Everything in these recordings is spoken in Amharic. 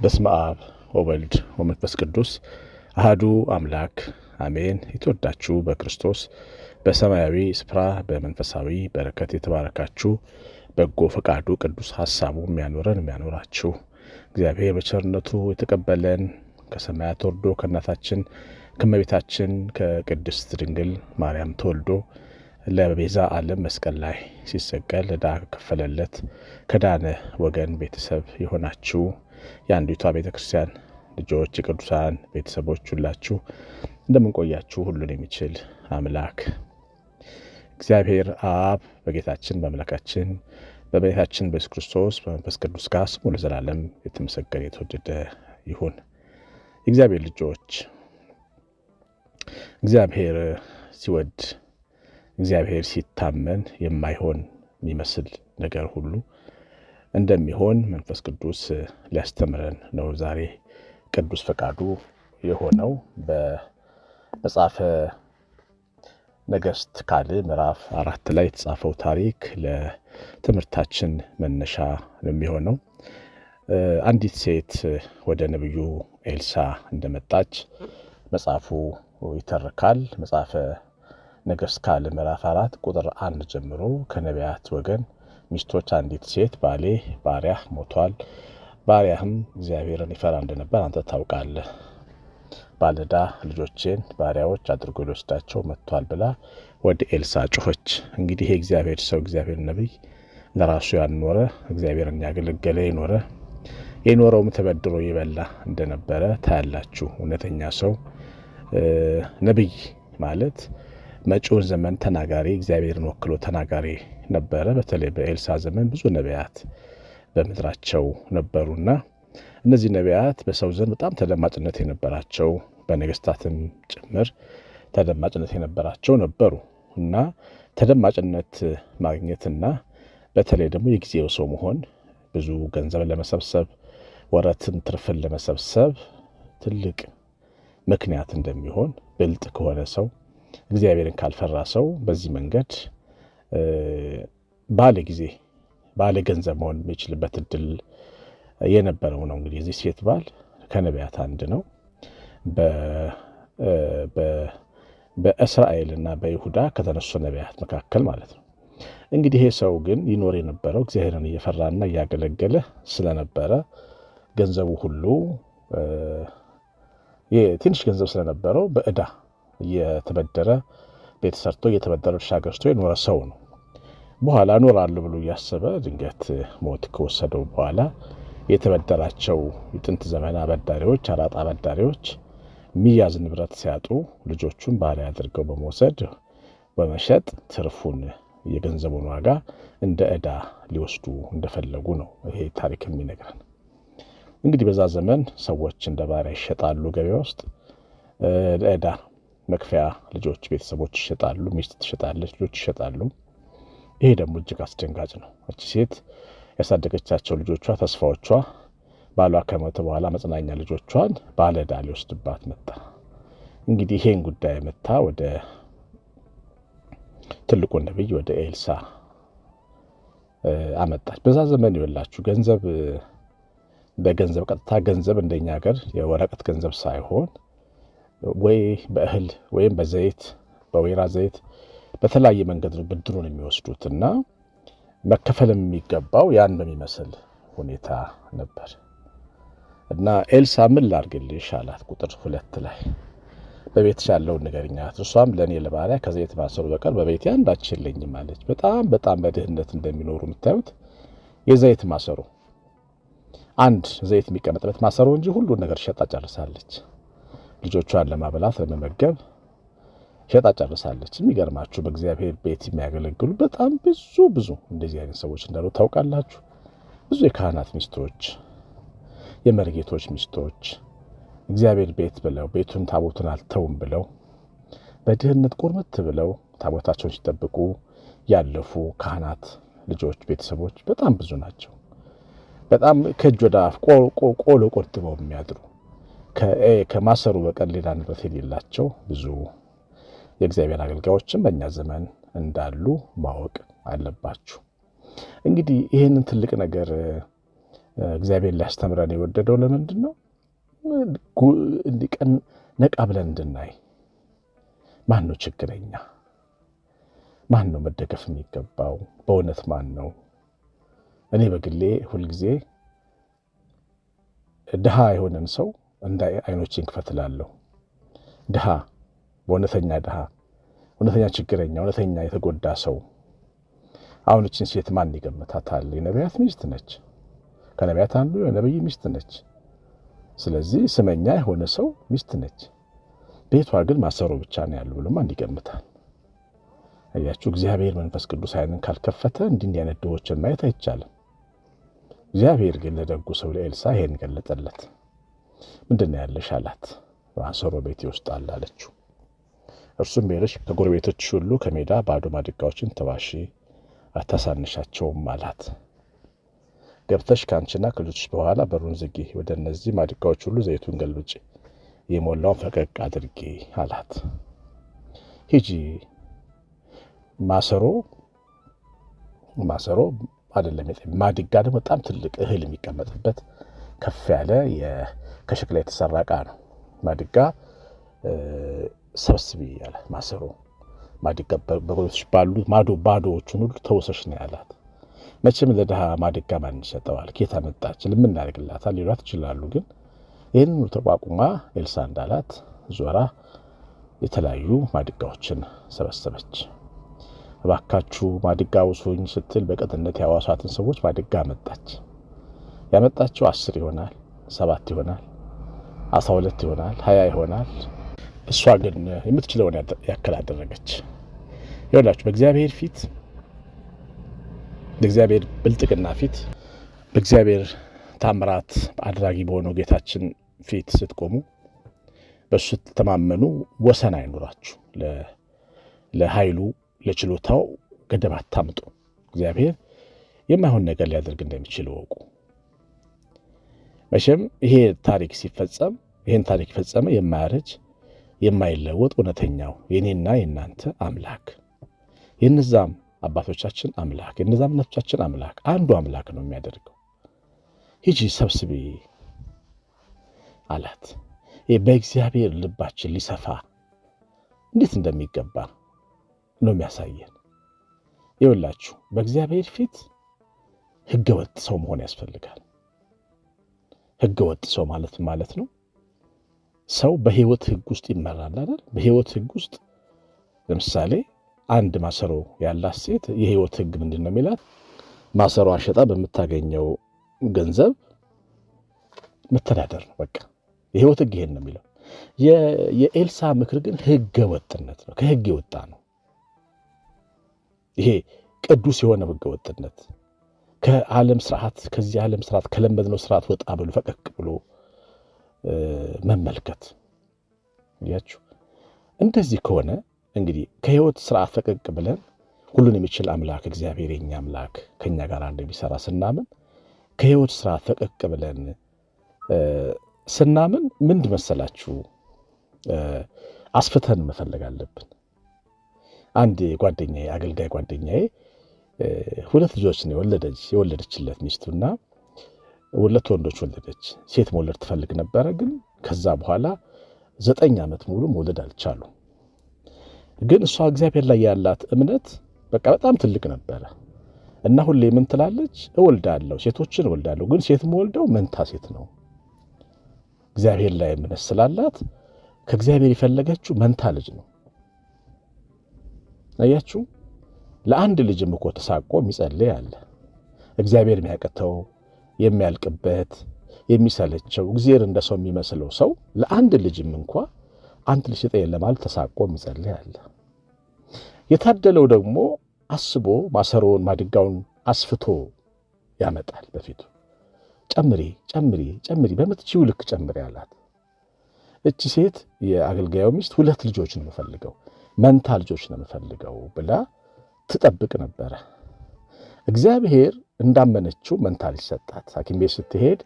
በስመ አብ ወወልድ ወመንፈስ ቅዱስ አህዱ አምላክ አሜን። የተወዳችሁ በክርስቶስ በሰማያዊ ስፍራ በመንፈሳዊ በረከት የተባረካችሁ በጎ ፈቃዱ ቅዱስ ሐሳቡ የሚያኖረን የሚያኖራችሁ እግዚአብሔር በቸርነቱ የተቀበለን ከሰማያት ወርዶ ከእናታችን ክመቤታችን ከቅድስት ድንግል ማርያም ተወልዶ ለቤዛ ዓለም መስቀል ላይ ሲሰቀል ዕዳ ከፈለለት ከዳነ ወገን ቤተሰብ የሆናችሁ የአንዲቷ ቤተክርስቲያን ልጆች የቅዱሳን ቤተሰቦች ሁላችሁ እንደምንቆያችሁ ሁሉን የሚችል አምላክ እግዚአብሔር አብ በጌታችን በአምላካችን በቤታችን በኢየሱስ ክርስቶስ በመንፈስ ቅዱስ ጋር ስሙ ለዘላለም የተመሰገነ የተወደደ ይሁን። የእግዚአብሔር ልጆች እግዚአብሔር ሲወድ እግዚአብሔር ሲታመን የማይሆን የሚመስል ነገር ሁሉ እንደሚሆን መንፈስ ቅዱስ ሊያስተምረን ነው ዛሬ ቅዱስ ፈቃዱ የሆነው በመጽሐፈ ነገሥት ካልዕ ምዕራፍ አራት ላይ የተጻፈው ታሪክ ለትምህርታችን መነሻ የሚሆነው አንዲት ሴት ወደ ነቢዩ ኤልሳ እንደመጣች መጽሐፉ ይተርካል። መጽሐፈ ነገሥት ካልዕ ምዕራፍ አራት ቁጥር አንድ ጀምሮ ከነቢያት ወገን ሚስቶች አንዲት ሴት ባሌ ባሪያህ ሞቷል፣ ባሪያህም እግዚአብሔርን ይፈራ እንደነበር አንተ ታውቃለህ፣ ባለዳ ልጆቼን ባሪያዎች አድርጎ ሊወስዳቸው መጥቷል ብላ ወደ ኤልሳ ጮኸች። እንግዲህ የእግዚአብሔር ሰው እግዚአብሔር ነቢይ ለራሱ ያኖረ እግዚአብሔርን ያገለገለ የኖረ የኖረውም ተበድሮ የበላ እንደነበረ ታያላችሁ። እውነተኛ ሰው ነቢይ ማለት መጪውን ዘመን ተናጋሪ እግዚአብሔርን ወክሎ ተናጋሪ ነበረ። በተለይ በኤልሳ ዘመን ብዙ ነቢያት በምድራቸው ነበሩና እነዚህ ነቢያት በሰው ዘንድ በጣም ተደማጭነት የነበራቸው በነገስታትም ጭምር ተደማጭነት የነበራቸው ነበሩ እና ተደማጭነት ማግኘትና በተለይ ደግሞ የጊዜው ሰው መሆን ብዙ ገንዘብን ለመሰብሰብ ወረትን፣ ትርፍን ለመሰብሰብ ትልቅ ምክንያት እንደሚሆን ብልጥ ከሆነ ሰው እግዚአብሔርን ካልፈራ ሰው በዚህ መንገድ ባለ ጊዜ ባለ ገንዘብ መሆን የሚችልበት እድል የነበረው ነው። እንግዲህ እዚህ ሴት ባል ከነቢያት አንድ ነው። በእስራኤል እና በይሁዳ ከተነሱ ነቢያት መካከል ማለት ነው። እንግዲህ ይሄ ሰው ግን ይኖር የነበረው እግዚአብሔርን እየፈራና እያገለገለ ስለነበረ ገንዘቡ ሁሉ ትንሽ ገንዘብ ስለነበረው በእዳ እየተበደረ ቤት ሰርቶ እየተበደረ ድርሻ ገዝቶ የኖረ ሰው ነው። በኋላ እኖራለሁ ብሎ እያሰበ ድንገት ሞት ከወሰደው በኋላ የተበደራቸው የጥንት ዘመን አበዳሪዎች፣ አራጣ አበዳሪዎች ሚያዝ ንብረት ሲያጡ ልጆቹን ባሪያ አድርገው በመውሰድ በመሸጥ ትርፉን የገንዘቡን ዋጋ እንደ እዳ ሊወስዱ እንደፈለጉ ነው ይሄ ታሪክ የሚነግረን። እንግዲህ በዛ ዘመን ሰዎች እንደ ባሪያ ይሸጣሉ፣ ገበያ ውስጥ ለዕዳ መክፈያ ልጆች፣ ቤተሰቦች ይሸጣሉ፣ ሚስት ትሸጣለች፣ ልጆች ይሸጣሉ። ይሄ ደግሞ እጅግ አስደንጋጭ ነው። እቺ ሴት ያሳደገቻቸው ልጆቿ ተስፋዎቿ፣ ባሏ ከሞተ በኋላ መጽናኛ ልጆቿን ባለ ዕዳ ሊወስድባት መጣ። እንግዲህ ይሄን ጉዳይ መታ ወደ ትልቁ ነቢይ ወደ ኤልሳ አመጣች። በዛ ዘመን ይወላችሁ ገንዘብ በገንዘብ ቀጥታ ገንዘብ እንደኛ ሀገር የወረቀት ገንዘብ ሳይሆን ወይ በእህል ወይም በዘይት በወይራ ዘይት በተለያየ መንገድ ነው ብድሩን የሚወስዱት እና መከፈል የሚገባው ያን በሚመስል ሁኔታ ነበር እና ኤልሳ ምን ላርግልሽ አላት። ቁጥር ሁለት ላይ በቤትሽ ያለውን ንገርኛት። እሷም ለእኔ ለባሪያ ከዘይት የተባሰሩ በቀር በቤት አንዳች የለኝም አለች። በጣም በጣም በድህነት እንደሚኖሩ የምታዩት የዘይት ማሰሩ አንድ ዘይት የሚቀመጥበት ማሰሮ እንጂ ሁሉን ነገር ሸጣ ጨርሳለች። ልጆቿን ለማበላት ለመመገብ ሸጣ ጨርሳለች። የሚገርማችሁ በእግዚአብሔር ቤት የሚያገለግሉ በጣም ብዙ ብዙ እንደዚህ አይነት ሰዎች እንዳሉ ታውቃላችሁ። ብዙ የካህናት ሚስቶች፣ የመርጌቶች ሚስቶች እግዚአብሔር ቤት ብለው ቤቱን ታቦቱን አልተውም ብለው በድህነት ቁርምት ብለው ታቦታቸውን ሲጠብቁ ያለፉ ካህናት ልጆች፣ ቤተሰቦች በጣም ብዙ ናቸው። በጣም ከእጅ ወደ አፍ ቆሎ ቆርጥበው የሚያድሩ ከማሰሩ በቀር ሌላ ንብረት የሌላቸው ብዙ የእግዚአብሔር አገልጋዮችን በእኛ ዘመን እንዳሉ ማወቅ አለባችሁ። እንግዲህ ይህንን ትልቅ ነገር እግዚአብሔር ሊያስተምረን የወደደው ለምንድን ነው? እንዲቀን ነቃ ብለን እንድናይ ማን ነው ችግረኛ? ማን ነው መደገፍ የሚገባው? በእውነት ማን ነው እኔ በግሌ ሁልጊዜ ድሃ የሆነን ሰው እንደ አይኖቼን ክፈት እላለሁ። ድሃ በእውነተኛ ድሃ፣ እውነተኛ ችግረኛ፣ እውነተኛ የተጎዳ ሰው። አሁን ሴት ማን ይገምታታል? የነቢያት ሚስት ነች። ከነቢያት አንዱ የነብይ ሚስት ነች። ስለዚህ ስመኛ የሆነ ሰው ሚስት ነች። ቤቷ ግን ማሰሮ ብቻ ነው ያሉ ብሎ ማን ይገምታል? አያችሁ፣ እግዚአብሔር መንፈስ ቅዱስ አይንን ካልከፈተ እንዲህ አይነት ድሆችን ማየት አይቻልም። እግዚአብሔር ግን ለደጉ ሰው ለኤልሳ ይሄን ገለጠለት። ምንድን ያለሽ አላት። ማሰሮ ቤቴ ውስጥ አለ አለችው። እርሱም ሄደሽ ከጎረቤቶች ሁሉ ከሜዳ ባዶ ማድጋዎችን ተባሽ አታሳንሻቸውም አላት። ገብተሽ ከአንቺና ከልጆች በኋላ በሩን ዝጊ፣ ወደ እነዚህ ማድጋዎች ሁሉ ዘይቱን ገልብጭ የሞላውን ፈቀቅ አድርጊ አላት። ሂጂ ማሰሮ ማሰሮ አይደለም ማድጋ ደግሞ በጣም ትልቅ እህል የሚቀመጥበት ከፍ ያለ ከሸክላ የተሰራ እቃ ነው። ማድጋ ሰብስቢ ያለ ማሰሮ ማድጋ በጎች ባሉት ማዶ ባዶዎቹን ሁሉ ተወሰሽ ነው ያላት። መቼም ለድሃ ማድጋ ማን ይሰጠዋል? ኬት አመጣች? ለምን ያደርግላታል? ሊሏት ይችላሉ። ግን ይህን ሁሉ ተቋቁማ ኤልሳ እንዳላት ዞራ የተለያዩ ማድጋዎችን ሰበሰበች። እባካችሁ ማድጋ ውሱኝ ስትል በቅንነት ያዋሷትን ሰዎች ማድጋ መጣች። ያመጣችው አስር ይሆናል፣ ሰባት ይሆናል፣ አስራ ሁለት ይሆናል፣ ሀያ ይሆናል። እሷ ግን የምትችለውን ያክል አደረገች። ይሆናችሁ በእግዚአብሔር ፊት በእግዚአብሔር ብልጥግና ፊት በእግዚአብሔር ታምራት አድራጊ በሆነው ጌታችን ፊት ስትቆሙ በእሱ ስትተማመኑ ወሰን አይኑራችሁ ለኃይሉ ለችሎታው ገደብ አታምጡ። እግዚአብሔር የማይሆን ነገር ሊያደርግ እንደሚችል እወቁ። መቼም ይሄ ታሪክ ሲፈጸም ይህን ታሪክ የፈጸመ የማያረጅ የማይለወጥ እውነተኛው የኔና የእናንተ አምላክ የእነዛም አባቶቻችን አምላክ የነዛም ነፍቻችን አምላክ አንዱ አምላክ ነው የሚያደርገው። ሂጂ ሰብስቢ አላት። በእግዚአብሔር ልባችን ሊሰፋ እንዴት እንደሚገባ ነው የሚያሳየን። ይወላችሁ በእግዚአብሔር ፊት ህገ ወጥ ሰው መሆን ያስፈልጋል። ህገ ወጥ ሰው ማለት ማለት ነው ሰው በህይወት ህግ ውስጥ ይመራል አይደል? በህይወት ህግ ውስጥ ለምሳሌ አንድ ማሰሮ ያላት ሴት የህይወት ህግ ምንድን ነው የሚላት? ማሰሮ አሸጣ በምታገኘው ገንዘብ መተዳደር ነው። በቃ የህይወት ህግ ይሄን ነው የሚለው። የኤልሳ ምክር ግን ህገ ወጥነት ነው፣ ከህግ የወጣ ነው። ይሄ ቅዱስ የሆነ ህገወጥነት ከዓለም ስርዓት ከዚህ ዓለም ስርዓት ከለመድነው ስርዓት ወጣ ብሎ ፈቀቅ ብሎ መመልከት ያችሁ። እንደዚህ ከሆነ እንግዲህ ከህይወት ስርዓት ፈቀቅ ብለን ሁሉን የሚችል አምላክ እግዚአብሔር የኛ አምላክ ከኛ ጋር እንደሚሰራ ስናምን ከህይወት ስርዓት ፈቀቅ ብለን ስናምን ምንድ መሰላችሁ አስፍተን መፈለግ አለብን። አንድ ጓደኛ አገልጋይ ጓደኛዬ ሁለት ልጆች ነው የወለደች የወለደችለት ሚስቱና ሁለት ወንዶች ወለደች። ሴት መውለድ ትፈልግ ነበረ፣ ግን ከዛ በኋላ ዘጠኝ ዓመት ሙሉ መውለድ አልቻሉ። ግን እሷ እግዚአብሔር ላይ ያላት እምነት በቃ በጣም ትልቅ ነበረ እና ሁሌ ምን ትላለች? እወልዳለሁ፣ ሴቶችን እወልዳለሁ። ግን ሴት መወልደው መንታ ሴት ነው። እግዚአብሔር ላይ እምነት ስላላት ከእግዚአብሔር የፈለገችው መንታ ልጅ ነው። አያችሁ፣ ለአንድ ልጅም እኮ ተሳቆ የሚጸልይ አለ። እግዚአብሔር የሚያቅተው የሚያልቅበት የሚሰለቸው እግዚአብሔር እንደ ሰው የሚመስለው ሰው ለአንድ ልጅም እንኳ አንድ ልጅ ስጠኝ ለማለት ተሳቆ የሚጸልይ አለ። የታደለው ደግሞ አስቦ ማሰሮውን ማድጋውን አስፍቶ ያመጣል በፊቱ። ጨምሪ ጨምሪ ጨምሪ በምትችይው ልክ ጨምሪ አላት። እቺ ሴት የአገልጋዩ ሚስት ሁለት ልጆች ነው የምፈልገው መንታ ልጆች ነው የምፈልገው ብላ ትጠብቅ ነበረ። እግዚአብሔር እንዳመነችው መንታ ልጅ ሰጣት። ሐኪም ቤት ስትሄድ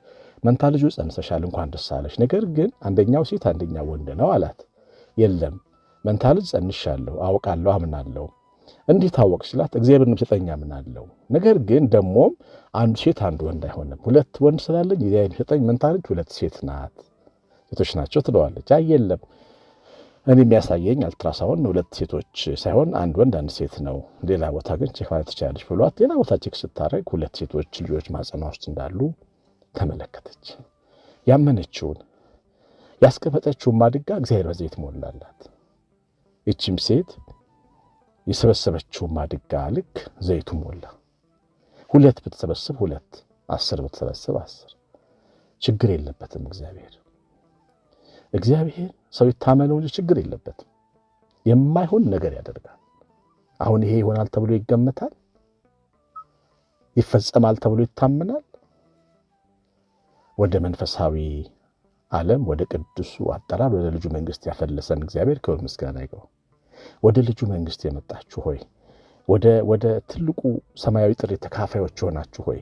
መንታ ልጁ ጸንሰሻል፣ እንኳን ደስ አለሽ፣ ነገር ግን አንደኛው ሴት አንደኛው ወንድ ነው አላት። የለም መንታ ልጅ ጸንሻለሁ፣ አውቃለሁ፣ አምናለሁ። እንዲህ ታወቅ ስላት እግዚአብሔር የሚሰጠኝ አምናለሁ፣ ነገር ግን ደግሞም አንዱ ሴት አንድ ወንድ አይሆንም፣ ሁለት ወንድ ስላለኝ እግዚአብሔር የሚሰጠኝ መንታ ልጅ ሁለት ሴት ናት ሴቶች ናቸው ትለዋለች። አይ የለም እኔ የሚያሳየኝ አልትራሳውንድ ሁለት ሴቶች ሳይሆን አንድ ወንድ አንድ ሴት ነው። ሌላ ቦታ ግን ቼክ ማለት ትችላለች ብሏት ሌላ ቦታ ቼክ ስታደረግ ሁለት ሴቶች ልጆች ማጸኗ ውስጥ እንዳሉ ተመለከተች። ያመነችውን ያስቀመጠችውን ማድጋ እግዚአብሔር በዘይት ሞላላት። ይችም ሴት የሰበሰበችውን ማድጋ ልክ ዘይቱ ሞላ። ሁለት ብትሰበስብ ሁለት፣ አስር ብትሰበስብ አስር። ችግር የለበትም እግዚአብሔር እግዚአብሔር ሰው ይታመነው እንጂ ችግር የለበትም። የማይሆን ነገር ያደርጋል። አሁን ይሄ ይሆናል ተብሎ ይገመታል፣ ይፈጸማል ተብሎ ይታመናል። ወደ መንፈሳዊ ዓለም ወደ ቅዱሱ አጠራር ወደ ልጁ መንግስት ያፈለሰን እግዚአብሔር ክብር ምስጋና ይገው። ወደ ልጁ መንግስት የመጣችሁ ሆይ ወደ ትልቁ ሰማያዊ ጥሪ ተካፋዮች የሆናችሁ ሆይ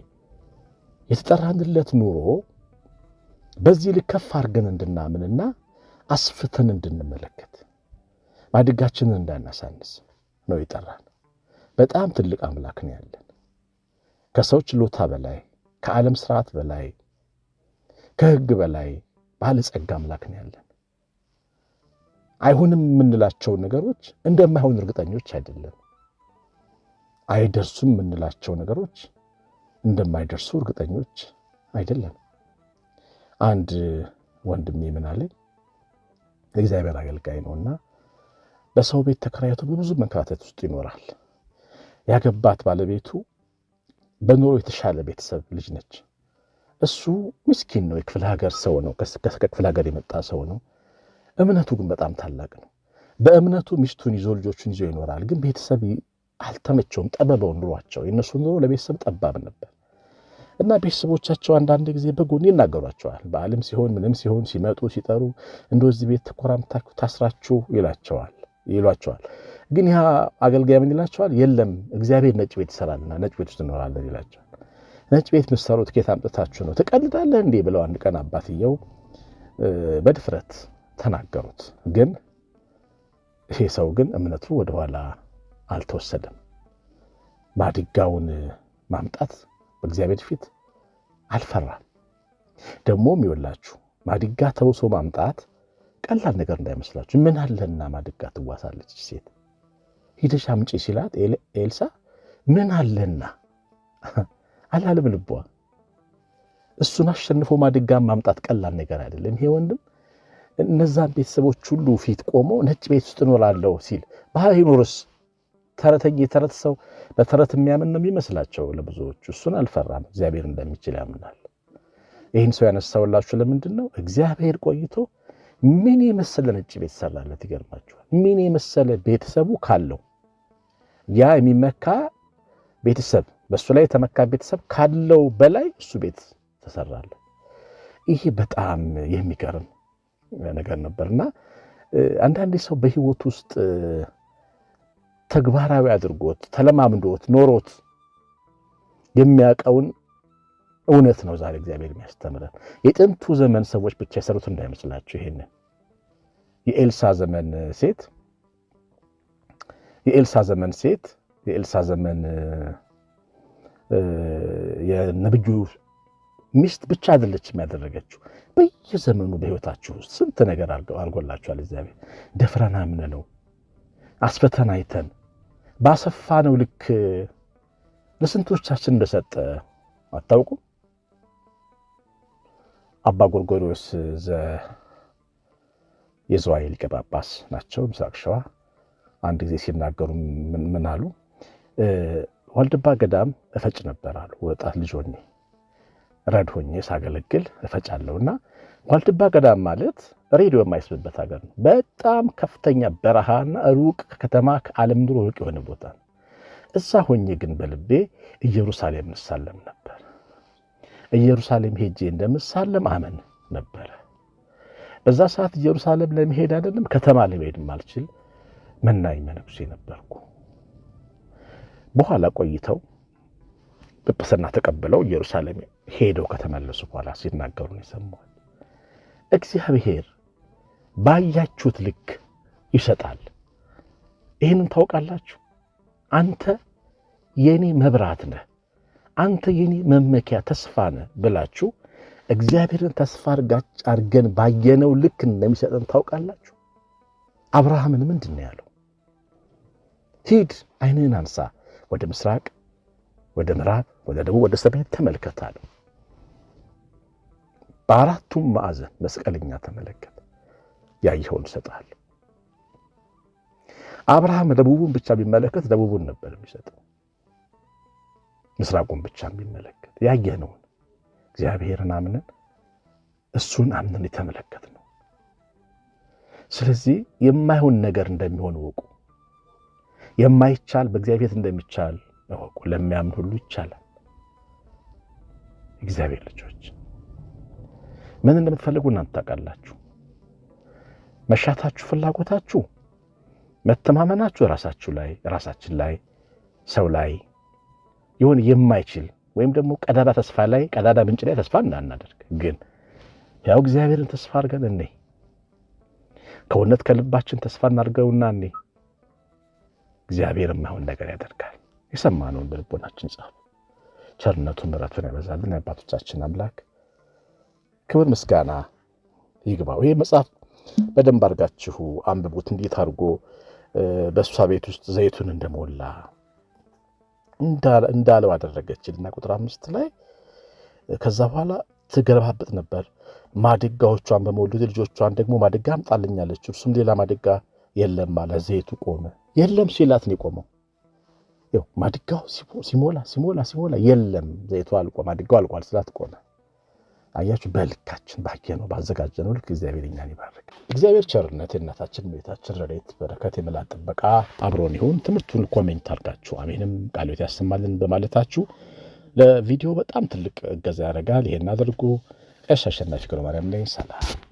የተጠራንለት ኑሮ በዚህ ልክ ከፍ አድርገን እንድናምንና አስፍተን እንድንመለከት ማድጋችንን እንዳናሳንስ ነው ይጠራል። በጣም ትልቅ አምላክ ነው ያለን። ከሰው ችሎታ በላይ ከዓለም ስርዓት በላይ ከሕግ በላይ ባለጸጋ አምላክ ነው ያለን። አይሆንም የምንላቸው ነገሮች እንደማይሆን እርግጠኞች አይደለም። አይደርሱም የምንላቸው ነገሮች እንደማይደርሱ እርግጠኞች አይደለም። አንድ ወንድሜ ምን አለኝ፣ እግዚአብሔር አገልጋይ እና በሰው ቤት ተከራይቶ በብዙ መንከራተት ውስጥ ይኖራል። ያገባት ባለቤቱ በኑሮ የተሻለ ቤተሰብ ልጅ ነች። እሱ ምስኪን ነው፣ የክፍለ ሀገር ሰው ነው፣ ከክፍለ ሀገር የመጣ ሰው ነው። እምነቱ ግን በጣም ታላቅ ነው። በእምነቱ ሚስቱን ይዞ ልጆቹን ይዞ ይኖራል። ግን ቤተሰብ አልተመቸውም፣ ጠበበው ኑሯቸው። የእነሱ ኑሮ ለቤተሰብ ጠባብ ነበር። እና ቤተሰቦቻቸው አንዳንድ ጊዜ በጎን ይናገሯቸዋል። በዓልም ሲሆን ምንም ሲሆን ሲመጡ ሲጠሩ እንደዚህ ቤት ተኮራምታችሁ ታስራችሁ ይላቸዋል ይሏቸዋል። ግን ያ አገልጋይ ምን ይላቸዋል? የለም እግዚአብሔር ነጭ ቤት ይሰራልና ነጭ ቤት ውስጥ እንኖራለን ይላቸዋል። ነጭ ቤት ምሰሩት ከየት አምጥታችሁ ነው? ትቀልዳለህ እንዴ? ብለው አንድ ቀን አባትየው በድፍረት ተናገሩት። ግን ይሄ ሰው ግን እምነቱ ወደኋላ አልተወሰደም። ማድጋውን ማምጣት በእግዚአብሔር ፊት አልፈራም። ደግሞም ይወላችሁ ማድጋ ተውሶ ማምጣት ቀላል ነገር እንዳይመስላችሁ። ምን አለና ማድጋ ትዋሳለች ሴት ሂደሽ አምጪ ሲላት ኤልሳ ምን አለና አላለም ልቧ። እሱን አሸንፎ ማድጋ ማምጣት ቀላል ነገር አይደለም። ይሄ ወንድም እነዛን ቤተሰቦች ሁሉ ፊት ቆሞ ነጭ ቤት ውስጥ እኖራለሁ ሲል ባህር ይኖርስ ተረተ የተረት ሰው በተረት የሚያምን ነው የሚመስላቸው ለብዙዎች። እሱን አልፈራም፣ እግዚአብሔር እንደሚችል ያምናል። ይህን ሰው ያነሳውላችሁ ለምንድን ነው? እግዚአብሔር ቆይቶ ምን የመሰለ ነጭ ቤት ሰራለት። ይገርማችኋል። ምን የመሰለ ቤተሰቡ ካለው ያ የሚመካ ቤተሰብ በእሱ ላይ የተመካ ቤተሰብ ካለው በላይ እሱ ቤት ተሰራለ። ይሄ በጣም የሚገርም ነገር ነበርና አንዳንዴ ሰው በህይወት ውስጥ ተግባራዊ አድርጎት ተለማምዶት ኖሮት የሚያውቀውን እውነት ነው ዛሬ እግዚአብሔር የሚያስተምረን። የጥንቱ ዘመን ሰዎች ብቻ የሰሩት እንዳይመስላችሁ። ይሄንን የኤልሳ ዘመን ሴት የኤልሳ ዘመን ሴት የኤልሳ ዘመን የነብዩ ሚስት ብቻ አይደለች የሚያደረገችው። በየዘመኑ በህይወታችሁ ስንት ነገር አድርጎላችኋል እግዚአብሔር። ደፍረን አምነነው ባሰፋ ባሰፋነው ልክ ለስንቶቻችን እንደሰጠ አታውቁ? አባ ዘ የዝዋይ ሊቀ ጳጳስ ናቸው። ምስራቅ ሸዋ አንድ ጊዜ ሲናገሩ ምን አሉ? ዋልድባ ገዳም እፈጭ ነበር አሉ። ወጣት ልጅ ሆኜ ረድ ሆኜ ሳገለግል እና። ዋልትባ ገዳም ማለት ሬዲዮ የማይስብበት ሀገር ነው። በጣም ከፍተኛ በረሃና ሩቅ ከከተማ ከዓለም ኑሮ ሩቅ የሆነ ቦታ ነው። እዛ ሆኜ ግን በልቤ ኢየሩሳሌም እንሳለም ነበር። ኢየሩሳሌም ሄጄ እንደምሳለም አመን ነበረ። በዛ ሰዓት ኢየሩሳሌም ለመሄድ አይደለም ከተማ ለመሄድ ማልችል መናኝ መነኩሴ ነበርኩ። በኋላ ቆይተው ጵጵስና ተቀብለው ኢየሩሳሌም ሄደው ከተመለሱ በኋላ ሲናገሩን የሰማሁት እግዚአብሔር ባያችሁት ልክ ይሰጣል። ይህንን ታውቃላችሁ። አንተ የኔ መብራት ነህ፣ አንተ የኔ መመኪያ ተስፋ ነህ ብላችሁ እግዚአብሔርን ተስፋ አርጋጭ አርገን ባየነው ልክ እንደሚሰጠን ታውቃላችሁ። አብርሃምን ምንድን ነው ያለው? ሂድ፣ አይንህን አንሳ፣ ወደ ምስራቅ፣ ወደ ምዕራብ፣ ወደ ደቡብ፣ ወደ ሰሜን ተመልከት አለው። በአራቱም ማዕዘን መስቀለኛ ተመለከተ። ያየኸውን ይሰጣል። አብርሃም ደቡቡን ብቻ ቢመለከት ደቡቡን ነበር የሚሰጠው። ምስራቁን ብቻ ቢመለከት ያየነውን እግዚአብሔርን አምነን እሱን አምነን የተመለከት ነው። ስለዚህ የማይሆን ነገር እንደሚሆን እወቁ። የማይቻል በእግዚአብሔር እንደሚቻል እወቁ። ለሚያምን ሁሉ ይቻላል። እግዚአብሔር ልጆች ምን እንደምትፈልጉ እናንተ ታውቃላችሁ። መሻታችሁ፣ ፍላጎታችሁ፣ መተማመናችሁ ራሳችሁ ላይ ራሳችን ላይ ሰው ላይ ይሆን የማይችል ወይም ደግሞ ቀዳዳ ተስፋ ላይ ቀዳዳ ምንጭ ላይ ተስፋ እንዳናደርግ ግን ያው እግዚአብሔርን ተስፋ አድርገን እኔ ከእውነት ከልባችን ተስፋ እናድርገውና እኔ እግዚአብሔር የማይሆን ነገር ያደርጋል። የሰማነውን በልቦናችን ጻፍ። ቸርነቱን ምሕረቱን ያበዛልን የአባቶቻችን አምላክ ክብር ምስጋና ይግባው። ይህ መጽሐፍ በደንብ አድርጋችሁ አንብቡት። እንዴት አድርጎ በእሷ ቤት ውስጥ ዘይቱን እንደሞላ እንዳለው አደረገች አደረገችልና ቁጥር አምስት ላይ ከዛ በኋላ ትገለባበጥ ነበር። ማድጋዎቿን በመውለድ ልጆቿን ደግሞ ማድጋ አምጣልኛለች። እርሱም ሌላ ማድጋ የለም አለ። ዘይቱ ቆመ። የለም ሲላት ነው የቆመው። ማድጋው ሲሞላ ሲሞላ ሲሞላ የለም ዘይቱ አልቆ ማድጋው አልቋል ስላት ቆመ። አያችሁ በልካችን ባየነው ባዘጋጀነው ልክ እግዚአብሔር እኛን ይባርክ። እግዚአብሔር ቸርነት የእናታችን ቤታችን ረድኤት በረከት የመላ ጥበቃ አብሮን ይሁን። ትምህርቱን ኮሜንት አድርጋችሁ አሜንም ቃሎት ያሰማልን በማለታችሁ ለቪዲዮ በጣም ትልቅ እገዛ ያደርጋል። ይሄን አድርጉ። ቀሲስ አሸናፊ ማርያም ነኝ። ሰላም